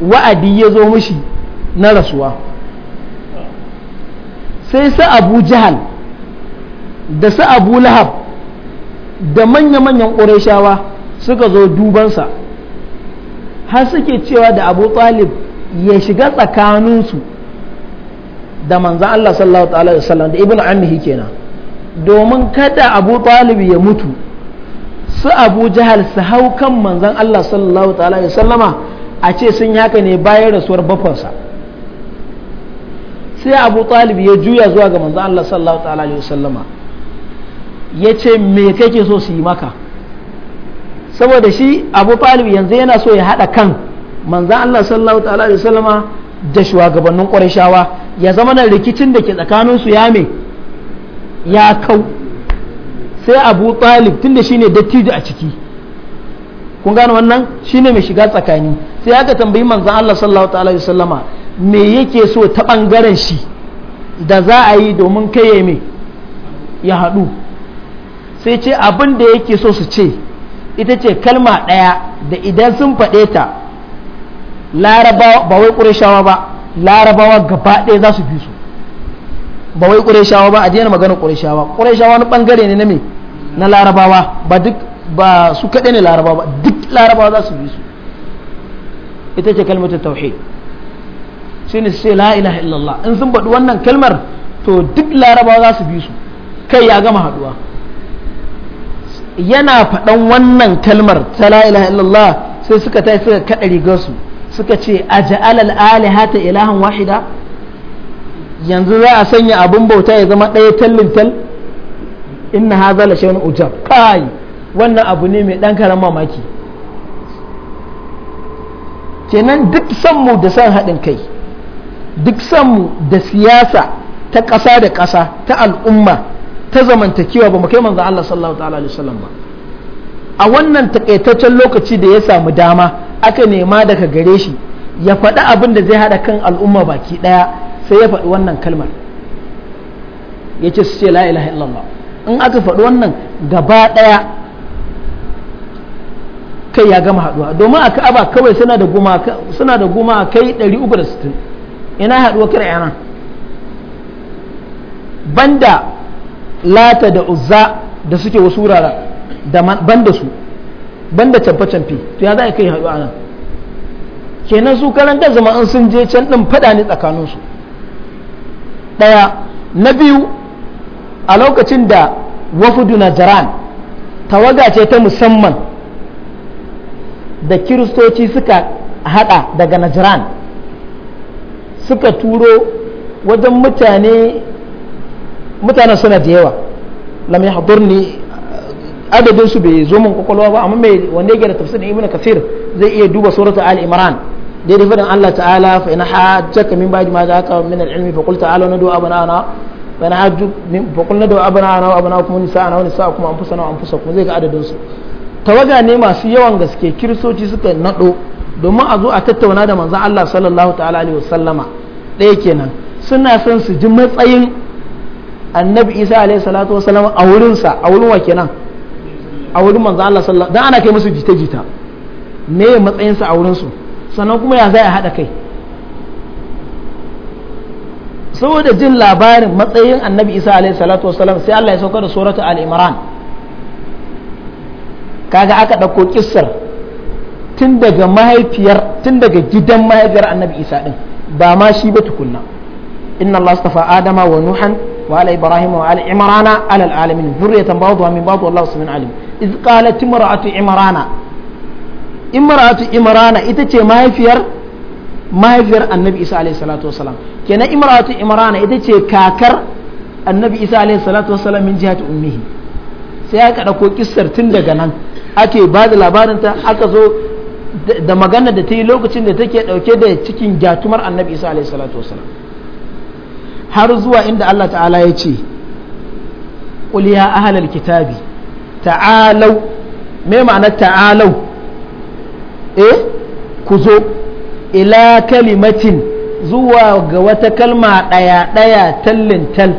wa'adi ya zo mushi na rasuwa sai sa abu jahal da sa abu lahab da manya-manyan ƙurashawa suka zo dubansa har suke cewa da abu talib ya shiga tsakaninsu da manzan Allah sallallahu alaihi wasallam da ibn ammihi kenan domin kada abu talib ya mutu su abu jihar su hau kan manzan Allah sallallahu alaihi wasallama a ce sun haka ne bayan rasuwar bafansa sai abu talib ya juya zuwa ga manzan Allah sallallahu alaihi wasallama ya ce me kake so su yi maka saboda shi abu talib yanzu yana so ya haɗa kan manzan Allah sallallahu ta'ala da salama da shugabannin ƙwarishawa ya zama na rikicin da ke tsakaninsu ya me ya kau sai abu talib tun da shi ne dattijo a ciki kun gane wannan shi ne mai shiga tsakani sai aka tambayi manzan Allah sallallahu ta'ala da salama me yake so ta ɓangaren shi da za a yi domin kai ya me ya haɗu sai ce abin da yake so su ce ita ce kalma ɗaya da idan sun faɗe ta larabawa ba wai ƙureshawa ba larabawa gaba ɗaya za su fi su ba wai ƙureshawa ba a jiyar magana ƙureshawa ƙureshawa wani ɓangare ne na me na larabawa ba duk ba su kaɗe ne larabawa ba duk larabawa za su bi su ita ce kalmar tauhe shi ne sai la ilaha illallah in sun faɗi wannan kalmar to duk larabawa za su bi su kai ya gama haɗuwa yana faɗan wannan kalmar ta la ilaha illallah sai suka tafi suka kaɗa rigarsu suka ce a ja'alal alihata ilahan wahida yanzu za a sanya abin bauta ya zama ɗaya tallin tal inna hadha la shay'un ujab kai wannan abu ne mai ɗan karan mamaki kenan duk sanmu da san haɗin kai duk sanmu da siyasa ta ƙasa da ƙasa ta al'umma ta zamantakewa ba mu kai manzo Allah sallallahu ta'ala alaihi wasallam ba a wannan takaitaccen lokaci da ya samu dama aka nema daga gare shi ya faɗi abin da zai haɗa kan al'umma baki ɗaya sai ya faɗi wannan kalmar ya ce su ce la ilaha illallah in aka faɗi wannan gaba ɗaya kai ya gama haɗuwa domin a ka'aba kawai suna da guma a kai 360 ina haɗuwa kira yana banda lata da uzza da suke wasu da ban da su ban da canfe-canfe to ya za a kai haɗu a nan kenan su karanta zama an sun je can ɗin faɗa ne tsakaninsu ɗaya na biyu a lokacin da wafudu najaran tawaga ce ta musamman da kiristoci suka haɗa daga najaran suka turo wajen mutane mutanen suna da yawa lam yahdurni adadin su bai zo min kwakwalwa ba amma mai wanda yake da tafsirin ibnu kafir zai iya duba suratul ali imran daidai fadin Allah ta'ala fa ina hajjaka min ba'di ma ja'aka min al-ilmi fa qul ta'alu nadu abanana fa ina hajju fa qul nadu abanana wa kuma nisa'ana wa nisa'akum anfusana wa anfusakum zai ga adadin su tawaga ne masu yawan gaske kiristoci suka nado domin a zo a tattauna da manzon Allah sallallahu ta'ala alaihi wasallama ɗaya kenan suna son su ji matsayin annabi isa alaihi salatu wasalam a wurin sa a wurin wa kenan a wurin manzo Allah sallallahu dan ana kai musu jita jita me matsayin sa a wurin su sannan kuma ya zai a hada kai saboda jin labarin matsayin annabi isa alaihi salatu wasalam sai Allah ya sauka da suratul al-imran kaga aka dauko kissar tun daga mahaifiyar tun daga gidan mahaifiyar annabi isa din ba ma shi ba tukunna inna Allah astafa adama wa nuhan وعلى إبراهيم وعلى عمران على العالمين ذرية بعضها من بعض والله سبحانه عليم إذ قالت امرأة عمران امرأة عمران إتتي ما يفير ما يفير النبي إساء عليه الصلاة والسلام كان امرأة عمران إتتي كاكر النبي إساء عليه الصلاة والسلام من جهة أمه سيأكد أكو كسر تندق نان أكي بعد الأبار لابارن أكزو da magana da ta yi lokacin da take dauke da cikin jatumar annabi isa alaihi salatu wasalam har zuwa inda Allah ta'ala ya ce qul ya ahlal kitabi ta'alau me ma'ana ta'alau eh ku zo ila kalimatin zuwa ga wata kalma ɗaya ɗaya tallin tal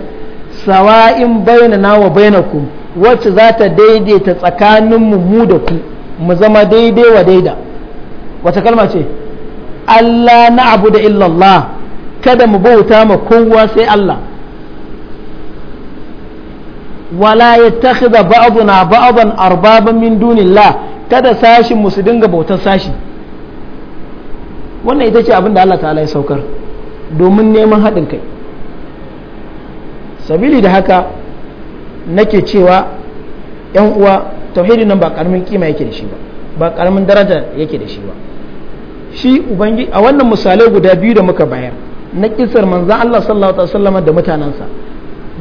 sawa'in na wa ku wacce za ta daidaita tsakaninmu mu da ku mu zama daidai wa daida wata kalma ce Allah na abu da illallah kada mu bauta ma kowa sai Allah wala yattakhidha ba'duna ba'dan arbaban min dunillah kada sashin mu su dinga bautar sashi wannan ita ce abinda Allah ta'ala ya saukar domin neman haɗin kai sabili da haka nake cewa yan uwa tauhidin nan ba karamin kima yake da shi ba ba karamin daraja yake da shi ba shi ubangi a wannan misalai guda biyu da muka bayar na kisar manzan Allah sallallahu alaihi wasallam da mutanensa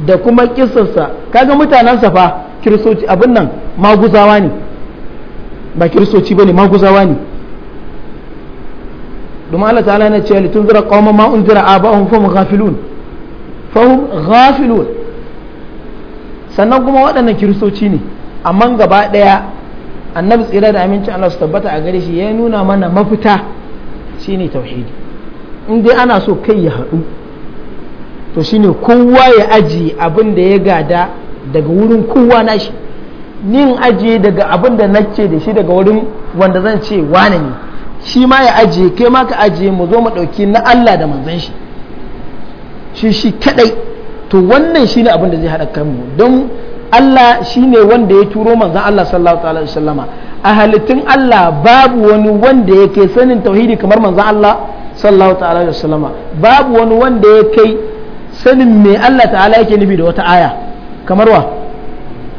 da kuma kisarsa kaga mutanensa fa kirsoci abin nan maguzawa ne ba kiristoci bane maguzawa ne domin Allah ta'ala na ce litunzira qauma ma unzira aba'uhum fa ghafilun fa hum ghafilun sannan kuma waɗannan kiristoci ne amma gaba ɗaya annabi tsira da amincin Allah su tabbata a gare shi ya nuna mana mafita shine tauhidi in dai ana so kai ya haɗu to shine kowa ya aji abin da ya gada daga wurin kowa shi. nin aji daga abin da nace da shi daga wurin wanda zan ce wane ne shi ma ya aji, kai ma ka aji, mu zo mu ɗauki na Allah da manzon shi shi shi kadai to wannan shine abin da zai haɗa kanmu don Allah shine wanda ya turo manzon Allah sallallahu alaihi wasallama a halittun Allah babu wani wanda yake sanin tauhidi kamar manzon Allah sallallahu ta'ala wa sallama babu wani wanda ya kai sanin me Allah ta'ala yake nufi da wata aya kamar wa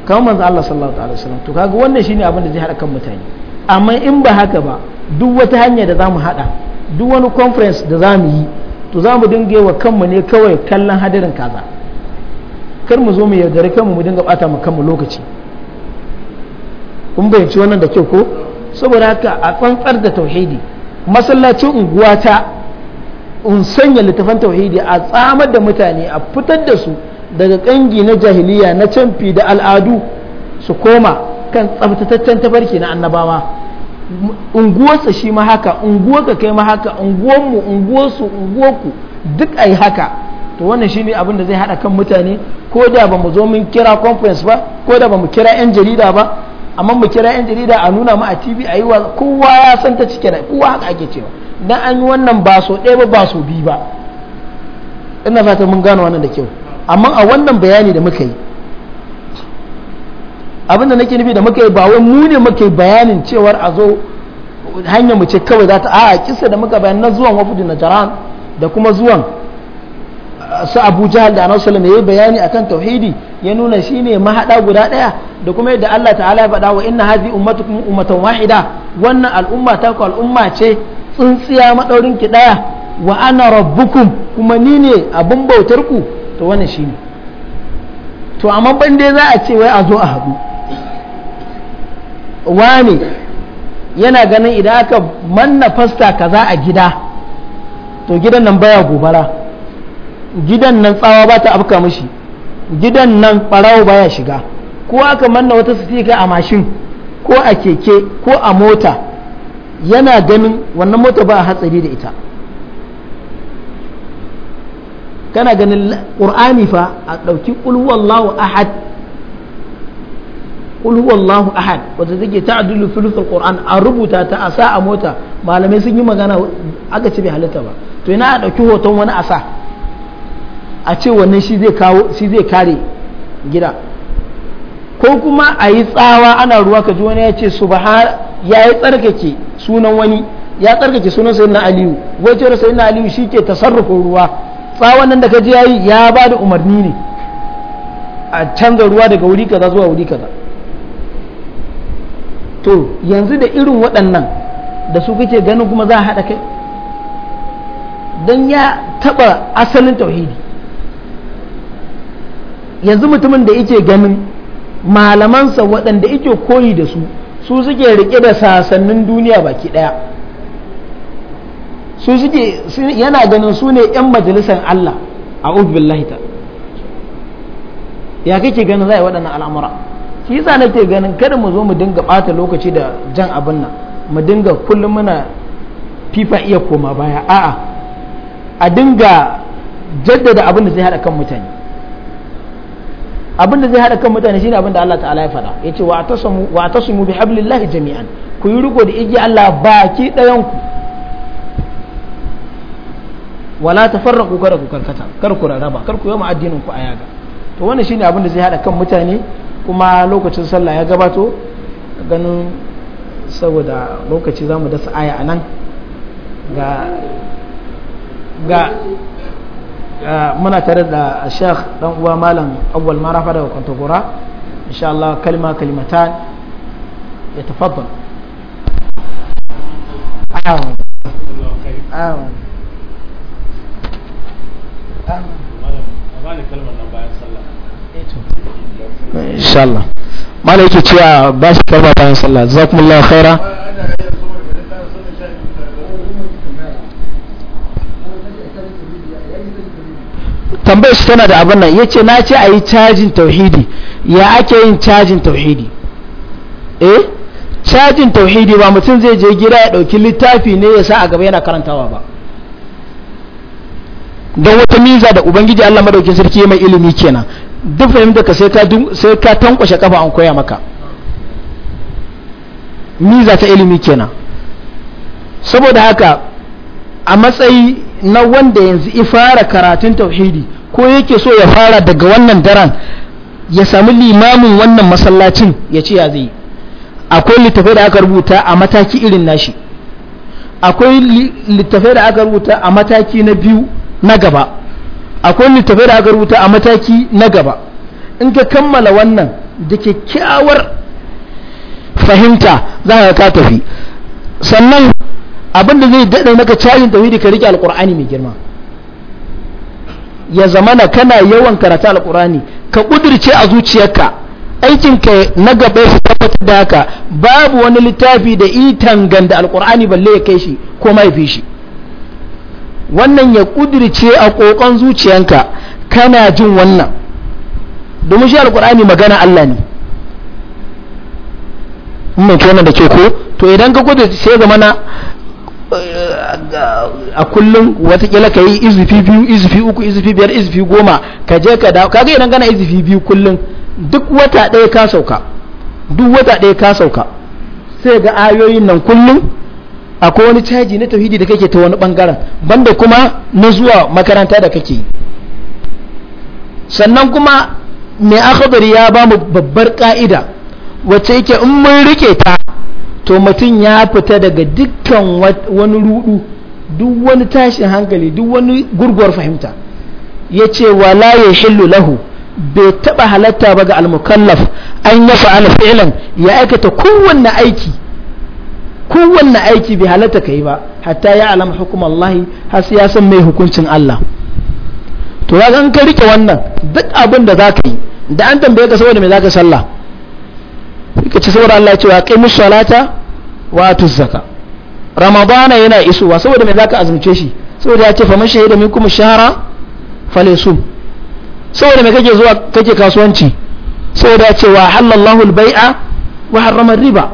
kamar manzo Allah sallallahu ta'ala wa wasallam to kaga wannan shine abin da zai hada kan mutane amma in ba haka ba duk wata hanya da zamu hada duk wani conference da zamu yi to zamu dinga wa kanmu ne kawai kallon hadarin kaza kar mu zo mu yaudare kanmu mu dinga bata mu kanmu lokaci kun bayyanci wannan da kyau ko saboda haka a tsantsar da tauhidi masallacin unguwata in sanya littafan tauhidi a tsamar da mutane a fitar da su daga kangi na jahiliya na canfi da al'adu su koma kan tsabtataccen tafarki na annabawa unguwarsa shi ma haka unguwarka kai ma haka unguwarmu unguwarsu unguwarku duk a yi haka to wannan shine abin da zai hada kan mutane ko da ba mu zo mun kira conference ba ko da ba mu kira yan jarida ba amma mu kira yan jarida a nuna mu a tv a yi wa kowa ya san ta cike kowa haka ake cewa dan an yi wannan ba so ɗaya ba ba so biyu ba ina fata mun gano wannan da kyau amma a wannan bayani da muka yi abin da nake nufi da muka yi ba wai mu ne muka yi bayanin cewar a zo hanyar mu ce kawai za ta a kisa da muka bayan na zuwan wafudu na jaran da kuma zuwan su abu jahal da anasu ya yi bayani akan tauhidi ya nuna shi ne mahaɗa guda ɗaya da kuma yadda allah ta'ala ya faɗa wa inna hazi ummatukum ummatan wahida wannan al'umma ta ku al'umma ce tsintsiya maɗaurin ki ɗaya wa ana rabbukum kuma ni ne abin bautar ku to wannan shi ne to amma ban dai za a ce wai a zo a haɗu wani yana ganin idan aka manna fasta kaza a gida to gidan nan baya gobara gidan nan tsawa ba ta afka mishi gidan nan ɓarawo baya shiga ko aka manna wata sitika a mashin ko a keke ko a mota yana ganin wannan mota ba hatsari da ita kana ganin ƙur'ani fa a ɗauki ƙulwallahu ahad ƙulwallahu ahad wata take ta adulu filifin ƙur'an a rubuta ta a sa a mota malamai sun yi magana aka ce bai halitta ba to yana a ɗauki hoton wani asa a ce wannan shi zai kawo shi zai kare gida ko kuma a yi tsawa ana ruwa ka ji wani ya ce subhana ya yi tsarkake sunan wani ya tsarkake sunan sayyidina aliyu wai cewar sayyidina aliyu shi ke tasarrufin ruwa tsawon nan da ka je ya yi ya ba da umarni ne a canza ruwa daga wuri kaza zuwa wuri kaza to yanzu da irin waɗannan da su kake ganin kuma za a haɗa kai don ya taɓa asalin tauhidi yanzu mutumin da yake ganin malamansa waɗanda yake koyi da su su suke rike da sasannin duniya baki daya su suke yana ganin su ne 'yan majalisar Allah a billahi ta ya kake ganin za a yi waɗannan al'amura shi yasa nake ganin kada mu zo mu dinga ɓata lokaci da jan abin nan mu dinga kullum muna fifa iya koma baya a'a a dinga jaddada abin da zai haɗa kan mutane abin da zai hada kan mutane shine abin da Allah ta'ala ya faɗa yace wa atasamu wa mu bi hablillahi jami'an ku yi riko da igiya Allah baki ɗayan ku wala tafarraqu kada ku karkata kar ku raraba kar ku yama addinin ku ayaga to wannan shine abin da zai hada kan mutane kuma lokacin sallah ya gabato ganin saboda lokaci zamu dasa aya anan ga ga muna tare da sheikh dan uwa malam awwal marafa daga kwantagora insha Allah kalma kalimatan ya tafaddal awon awon insha Allah malai yake cewa ba shi kalma bayan sallah jazakumullahu khaira tambayar shi tana da abin nan yace na ce a yi cajin tauhidi ya ake yin cajin tauhidi eh cajin tauhidi ba mutum zai je gida ya ɗauki littafi ne ya sa a gaba yana karantawa ba don wata miza da ubangiji Allah madaukin sarki mai ilimi kenan duk fahimta ka sai ka sai ka tankwashe kafa an koya maka miza ta ilimi kenan saboda haka a matsayi na wanda yanzu ifara karatun tauhidi ko yake so ya fara daga wannan daren ya sami limamin wannan masallacin ya ce ya zai akwai littafai da aka rubuta a mataki irin nashi akwai littafai da aka rubuta a mataki na biyu na gaba akwai littafai da aka rubuta a mataki na gaba in ka kammala wannan da kyakkyawar fahimta za ka tafi sannan abin da zai daɗa maka cajin tauhidi ka rike alƙur'ani mai girma ya zamana kana yawan karatu alƙur'ani ka ƙudirce a zuciyarka aikin ka na gaba su tabbata da haka babu wani littafi da itan ganda alƙur'ani balle ya kai shi ko mai shi wannan ya ƙudirce a ƙoƙon zuciyanka kana jin wannan domin shi alƙur'ani magana Allah ne mun kenan da ke ko to idan ka kudirce sai zamana a kullum watakila ka yi izifi biyu izifi uku izifi biyar izifi goma ka je ka dawo kaga idan gana izifi biyu kullum duk wata ɗaya ka sauka duk wata ɗaya ka sauka sai ga ayoyin nan kullum akwai wani caji na tauhidi da kake ta wani bangaren banda kuma na zuwa makaranta da kake sannan kuma mai akabari ya ba mu babbar ka'ida wacce yake in mun rike ta to mutum ya fita daga dukkan wani rudu duk wani tashin hankali duk wani gurguwar fahimta ya ce wa laye shillu lahu bai taba halatta ba ga almukallaf an ya fa'ala fi'lan ya aikata kowanne aiki kowanne aiki bai halatta kai ba hatta ya alam hukumar Allah har ya san mai hukuncin Allah to ya ka rike wannan duk abin da za ka yi da an tambaye ka saboda me za ka sallah suka ci saboda Allah ya ce wa qimu salata wa atu zakka ramadana yana isowa saboda me zaka azumce shi saboda ya ce faman shahida minkum shahara falyasum saboda me kake zuwa kake kasuwanci saboda ya wa halallahu albay'a baia wa harrama riba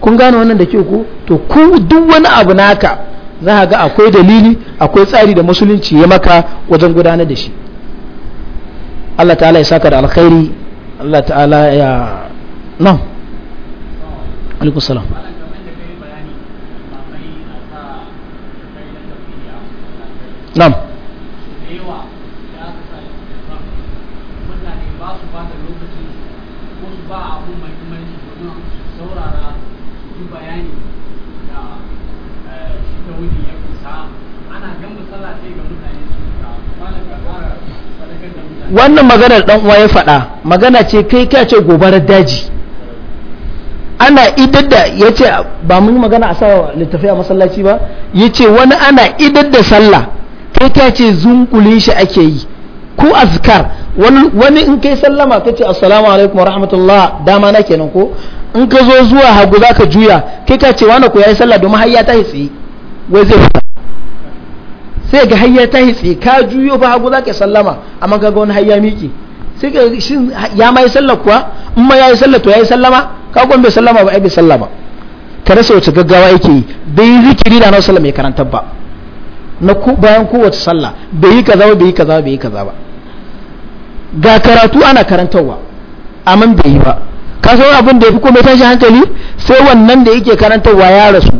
kun gane wannan da ke ku to ku duk wani abu naka za ka ga akwai dalili akwai tsari da musulunci ya maka wajen gudanar da shi Allah ta'ala ya saka da alkhairi الله تعالى يا نعم عليكم السلام نعم بيان يا شتوي يا انا جنب صلاه ايه جنب wannan maganar dan uwa ya faɗa magana ce kai ka ce gobarar daji ana idar da ya ce ba mun magana a sawa littafi a masallaci ba ya ce wani ana idar da sallah kai ka ce zunkulin shi ake yi ko azkar wani in kai sallama ka ce assalamu alaikum wa rahmatullah dama na kenan ko in ka zo zuwa hagu za ka juya kai ka ce wani ko ya yi sallah domin har ya ta tsaye wai zai sai ga hayya ta hitse ka juyo ba hagu zaka sallama amma ka ga wani hayya miki sai ga shin ya mai sallar kuwa in ma yayi sallar to yayi sallama ka gon bai sallama ba ai bai sallama ka rasa wace gaggawa yake yi bai yi zikiri da na sallama ya karanta ba na bayan kowace sallah bai yi kaza ba bai yi kaza ba bai yi kaza ba ga karatu ana karantarwa amma bai yi ba ka san abin da ya fi kome tashi hankali sai wannan da yake karantarwa ya rasu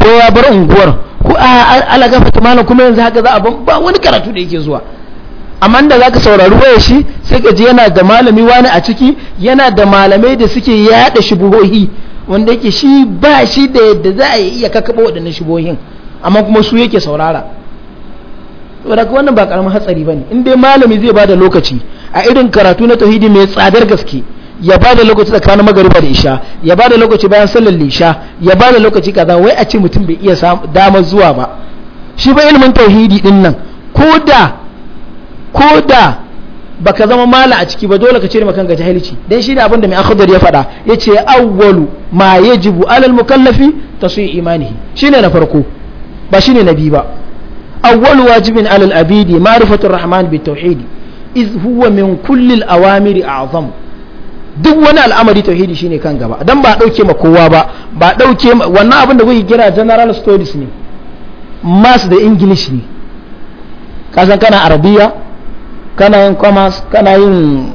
ko ya bar unguwar ko ala gafa malam kuma yanzu haka za a ba wani karatu da yake zuwa amma da zaka saurari waya shi sai ka ji yana da malami wani a ciki yana da malamai da suke yada shibohi wanda yake shi ba shi da yadda za a iya kakaba waɗannan shibohin, amma kuma su yake saurara saboda ka wannan ba karamin hatsari bane in dai malami zai ba da lokaci a irin karatu na tauhidi mai tsadar gaske ya ba da lokaci tsakanin magariba da isha ya ba da lokaci bayan sallar lisha ya ba da lokaci kaza wai a ce mutum bai iya damar zuwa ba shi ba ilimin tauhidi din nan ko da ko da baka zama mala a ciki ba dole ka cire makan ga jahilci dan shi ne abin mai akhdar ya faɗa yace awwalu ma yajibu alal mukallafi tasyi imanihi shine na farko ba shine na biyu ba awwalu wajibin alal abidi ma'rifatu rahman bitauhidi iz huwa min kulli al awamiri a'zamu duk wani al'amari tauhidi shine kan gaba dan ba dauke ma kowa ba ba dauke wannan abin da kuke kira general studies ne mass da english ne kasan kana arabiya kana yin commerce kana yin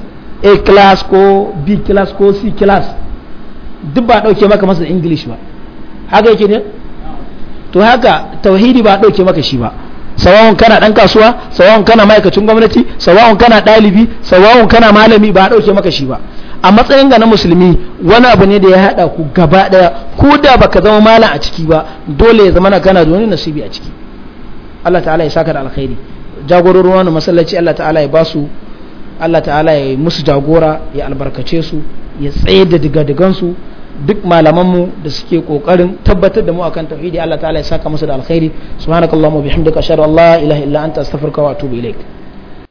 a class ko b class ko c class duk ba dauke maka masa da english ba haka yake ne to haka tauhidi ba dauke maka shi ba sawawun kana dan kasuwa sawawun kana ma'aikacin gwamnati sawawun kana dalibi sawawun kana malami ba dauke maka shi ba a matsayin ga na musulmi wani abu ne da ya haɗa ku gaba ɗaya ko da baka zama malam a ciki ba dole ya zama na kana da wani nasibi a ciki Allah ta'ala ya saka da alkhairi jagororin wani masallaci Allah ta'ala ya basu Allah ta'ala ya yi musu jagora ya albarkace su ya tsaye da digadigan su duk malaman mu da suke kokarin tabbatar da mu akan tauhidi Allah ta'ala ya saka musu da alkhairi subhanakallahumma bihamdika ashhadu an la ilaha illa anta astaghfiruka wa atubu ilaik